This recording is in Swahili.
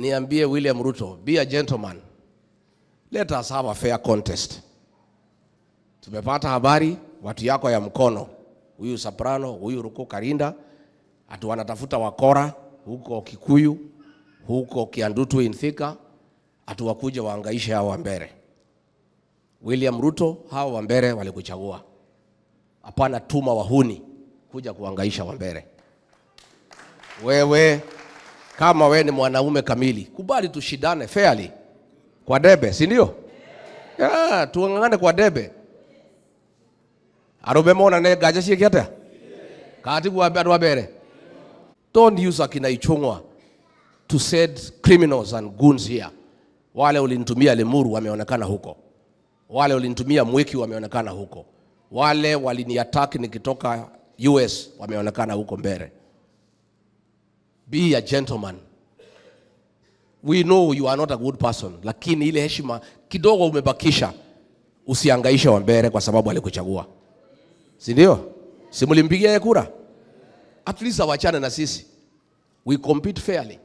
niambie William Ruto, be a gentleman, let us have a fair contest. Tumepata habari watu yako ya mkono, huyu Soprano, huyu Ruko Karinda, atu wanatafuta wakora huko Kikuyu, huko Kiandutu in Thika, atu wakuja waangaishe hao Wambere. William Ruto, hao Wambere walikuchagua, hapana tuma wahuni kuja kuangaisha Wambere. Wewe kama we ni mwanaume kamili, kubali tushidane fairly kwa debe, si ndio? Yeah, tuangane kwa debe arobe mona ne gaja shi kiata ciikiate kwa andu bere. don't use akina Ichung'wa to said criminals and goons here. Wale ulinitumia lemuru wameonekana huko, wale ulinitumia mweki wameonekana huko, wale waliniattack nikitoka US wameonekana huko mbele. Be a gentleman. We know you are not a good person, lakini ile heshima kidogo umebakisha, usiangaishe wa kwa sababu alikuchagua, si ndio? kura, at least awachane na sisi. We compete fairly.